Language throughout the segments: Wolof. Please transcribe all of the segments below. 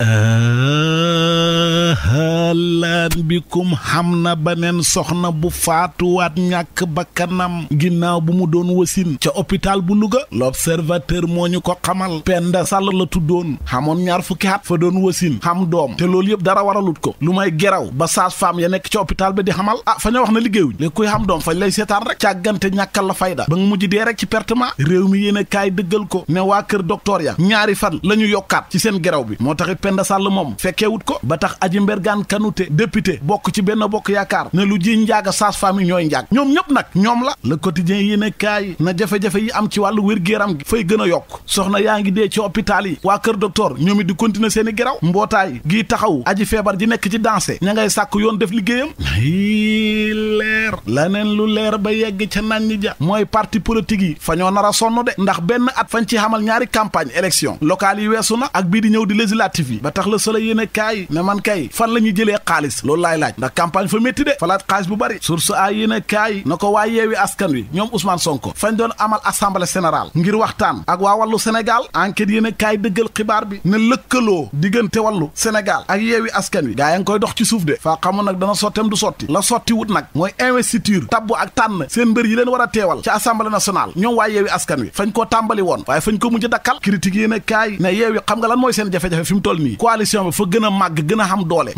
Uh... bikum xam na beneen soxna bu faatuwaat ñàkk bakkanam ginnaaw bu mu doon wasin ca hôpital bu Louga l'observateur moo ñu ko xamal Penda Sall la tuddoon xamoon ñaar fukki at fa doon wasin xam doom te loolu yëpp dara waralut ko lu may geraw ba sage-femme ya nekk ca hôpital ba di xamal a ah, fa ñoo wax na liggéeyu léegi kuy xam doom fa lay seetaan rek càggante ñàkkal la fayda ba nga mujj dee rek ci pertement réew mi yéen a kaay dëggal ko ne waa kër docteur ya ñaari fan la ñu yokkaat ci seen geraw bi moo taxit Penda Sall député bokk ci benn bokk yaakaar ne lu ji njaaga saas-femme yi ñooy njaag ñoom ñëpp nag ñoom la le quotidien yi ne kaay na jafe-jafe yi am ci wér-gu-yaram gi fay gën a yokk soxna yaa ngi dee ci hôpital yi waa kër docteur ñoom it di continuer seen geraw mbootaay gi taxaw aji feebar ji nekk ci dansé ña ngay sàkk yoon def liggéeyam leer laneen lu leer ba yegg ca nan ñi ja mooy parti politique yi fa ñoo nar a sonn de ndax benn at fañ ci xamal ñaari campagne élection locale yi weesu na ak bii di ñëw di législative yi ba tax la Soleil yéene kaay ne man kay fan la ñuy jëlee xaalis loolu laay laaj ndax campagne fa métti de falaat xaalis bu bari source a yéen a kaay na ko waa yeewi askan wi ñoom Ousmane Sonko fañ doon amal assemblée générale ngir waxtaan ak waa wàllu Sénégal enquête yéen a kaay dëggal xibaar bi ne lëkkaloo diggante wàllu Sénégal ak yeewi askan wi gaa ya ngi koy dox ci suuf de faa xamul nag dana sottem du sotti la sotti wut nag mooy investiture tabbu ak tànn seen mbër yi leen war a teewal ci assemblée nationale ñoom waa yeewi askan wi fañ koo tàmbali woon waaye fañ ko mujj dakkal critique yéen a kaay ne yeewi xam nga lan mooy seen jafe fi mu toll nii coalition bi fa gën a màgg gën a xam doole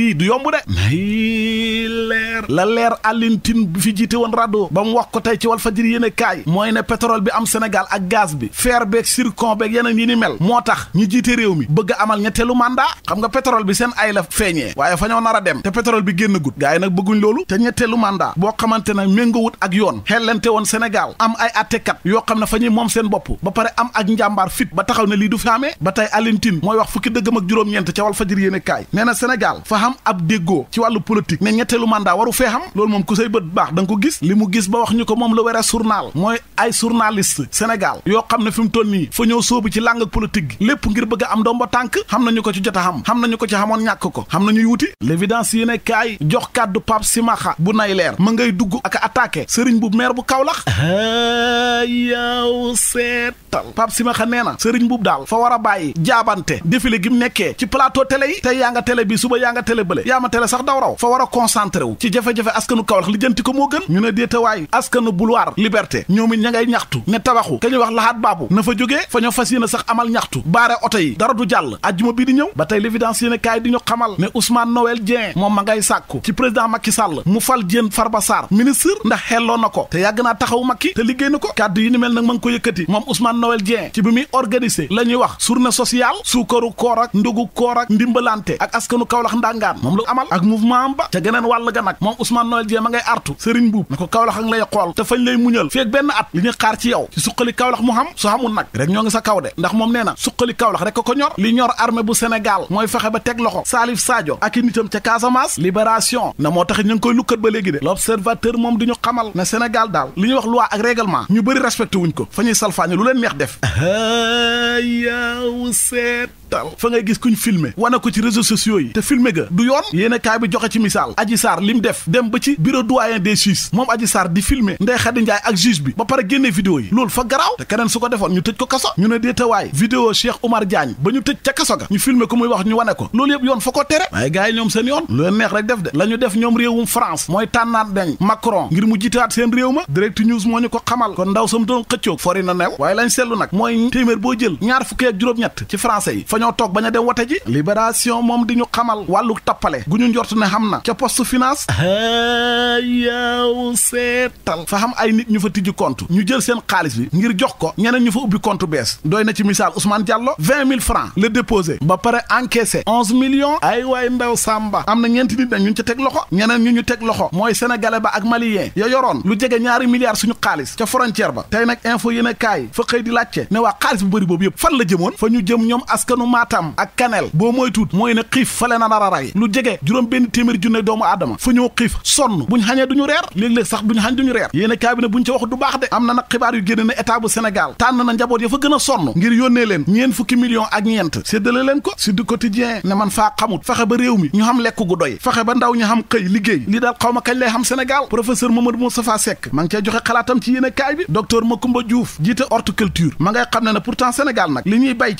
yi du yomb de nay leer la leer alintin bi fi jiite woon rado ba mu wax ko tey ci wal fajiri yéen e kaay mooy ne pétrole bi am Sénégal ak gaz bi fer beeg zircon be yeneen yi ni mel moo tax ñu jiite réew mi bëgg amal ñetteelu mandat xam nga pétrole bi seen ay la feeñee waaye fañoo ñoo nar a dem te pétrole bi génn gut gaa yi nag bëgguñ loolu te ñetteelu mandat boo xamante ne méngawut ak yoon xellente woon Sénégal am ay attekat yoo xam ne fa ñuy moom seen bopp ba pare am ak njàmbaar fit ba taxaw ne lii du fi amee ba tey alintin mooy wax fukki dëggam ak juróom-ñeent ca wal fajiri yéen e kaay nee na Sénégal am ab déggoo ci wàllu politique ne ñetteelu mandat waru fee xam loolu moom ku say bët baax da ko gis li mu gis ba wax ñu ko moom la were journal mooy ay journaliste Sénégal yoo xam ne fi mu toll nii fa ñëw sóobu ci làng ak politique gi lépp ngir bëgg a am domba tànk xam nañu ko ci jot a xam xam nañu ko ci xamoon ñàkk ko xam nañuy wuti l'évidence yéene kaay jox kàddu Pape Simaxa bu nay leer ma ngay dugg ak attaqué sëriñ bu maire bu Kaolack yow seetal Pape Simaxa nee na sëriñ a bàyyi jaabante défilé gi mu nekkee ci plateau télé yi tey télé bële yaa ma télé sax daw raw fa war a ci jafe-jafe askanu Kaolack li ko moo gën ñu ne déetawaay askanu boulevard liberté ñoom ña ngay ñaxtu ne tabaxu ka ñuy wax laxaat baabu na fa jógee fa ñoo fas yéene sax amal ñaxtu baare oto yi dara du jàll ajjuma bi di ñëw ba tey l'évidence yéene kaay di ñu xamal ne Ousmane Noël Dieng moom ma ngay sàkku ci président Macky Sall mu fal Diène Farba Sarr ministre ndax xelloo ko te yàgg naa taxaw Macky te daan moom la amal ak mouvement am ba ca geneen wàll ga nag moom Ousmane Noël Dieng ma ngay artu Serigne Boub na ko Kaolack ak lay xool te fañ lay muñal feeg benn at li ñu xaar ci yow ci suqali Kaolack mu xam su xamul nag rek ñoo ngi sa kaw de ndax moom nee na suqali Kaolack rek ko ko ñor li ñor armée bu Sénégal mooy fexe ba teg loxo Salif Sadio ak i nitam ca Casamance libération na moo tax ñu koy lukkat ba léegi de l'observateur moom di ñu xamal na Sénégal ko fa ñuy salfaañe lu leen neex def yaw daal fa ngay gis kuñ filmer wane ko ci réseaux sociaux yi te filmer ga du yoon yéen a bi joxe ci misaal Adji Sarr lim def dem ba ci bureau doyen des juges moom Adji Sarr di filmer Ndeye Khady Ndiaye ak juge bi ba pare génne vidéo yi loolu fa garaaw te keneen su ko defoon ñu tëj ko kaso ñu ne déetawaay vidéo Cheikh Oumar Diagne ba ñu tëj ca kaso ga ñu filmer ko muy wax ñu wane ko loolu yëpp yoon fa ko tere waaye gars yi ñoom seen yoon lu leen neex rek def de la ñu def ñoom réewum France mooy tànnaat dañ Macron ngir mu ko xamal kon ndaw sam doon xëccoog waaye lañ seetlu nag mooy téeméer boo jël ñaar fukki ak ñett ci français yi dañoo toog bañ a dem wote ji libération moom di ñu xamal wàllu tappale gu ñu njort ne xam na ca poste finance yaw seetal fa xam ay nit ñu fa tijji compte ñu jël seen xaalis bi ngir jox ko ñeneen ñu fa ubbi compte bees doy na ci misaal Ousmane Diallo vingt mille francs le déposé ba pare encaissé onze millions ay waay ndaw Samba am na ñeenti nit nag ñu ca teg loxo ñeneen ñu ñu teg loxo mooy sénégalais ba ak malien ya yoroon lu jege ñaari milliards suñu xaalis ca frontière ba tey nag info a kaay fa xëy di ne waa xaalis bu bëri boobu yëpp fan la jëmoon fa ñu jëm ñoom askanu Matam ak Kanel boo moytuut mooy ne xiif fale na nar a rey lu jege juróom benn téeméeri junne doomu aadama fa ñoo xiif sonn buñ xañee duñu reer léeg-léeg sax duñu xañ duñu reer yéen a cabinet buñ ci wax du baax de am na nag xibaar yu génne ne état bu Sénégal tànn na njaboot ya fa gën a sonn ngir yónnee leen ñeen fukki millions ak ñeent séddale leen ko si du quotidien ne man faa xamut fexe ba réew mi ñu xam lekk gu doy fexe ba ndaw ñu xam xaw ma kañ lay xam Sénégal professeur Mamadou Moustapha Seck ma ngi cey joxe xalaatam ci yéene kaay bi docteur Macoumba Diouf jiite horticulture ma ngay xam ne ne pourtant Sénégal nag ñuy bay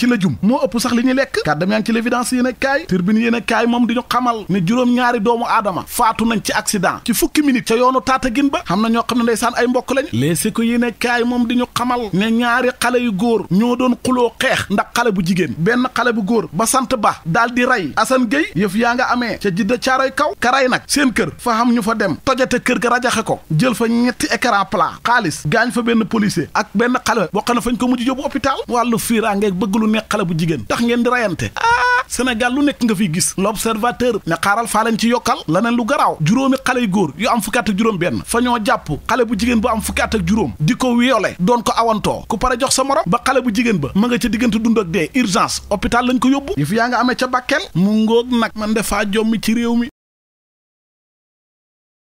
li ñu lekk kàddam yaa ci l'évidence yéen kaay turbine yéen kaay moom di ñu xamal ne juróom-ñaari doomu aadama faatu nañ ci accident ci fukki minute ca yoonu Tataguine ba xam na ñoo xam ne ndeysaan ay mbokk lañ léesi ko yéen a kaay moom di ñu xamal ne ñaari xale yu góor ñoo doon xuloo xeex ndax xale bu jigéen benn xale bu góor ba sant ba daal di rey Assane Gueye yëf yaa nga amee ca jidda caaroy kaw ka karay nag seen kër fa xam ñu fa dem tojate kër ga rajaxe ko jël fa ñetti écran plat xaalis gaañ fa benn policier ak benn xale boo xam ne fañ ko mujj yóbbu hôpital wàllu fiiraangeeg bëgg lu neex bu jigéen ngeen di rayante ah Sénégal lu nekk nga fiy gis l'observateur ne xaaral faa leen ci yokkal laneen lu garaaw juróomi xale yu góor yu am fukki at juróom benn fa jàpp xale bu jigéen bu am fukki at juróom di ko wiole doon ko awantoo ku pare jox sa morom ba xale bu jigéen ba ma nga ca diggante dund ak dee urgence hôpital lañ ko yóbbu yëf yaa nga amee ca Bakel mu ngóog nag man defaa jommi ci réew mi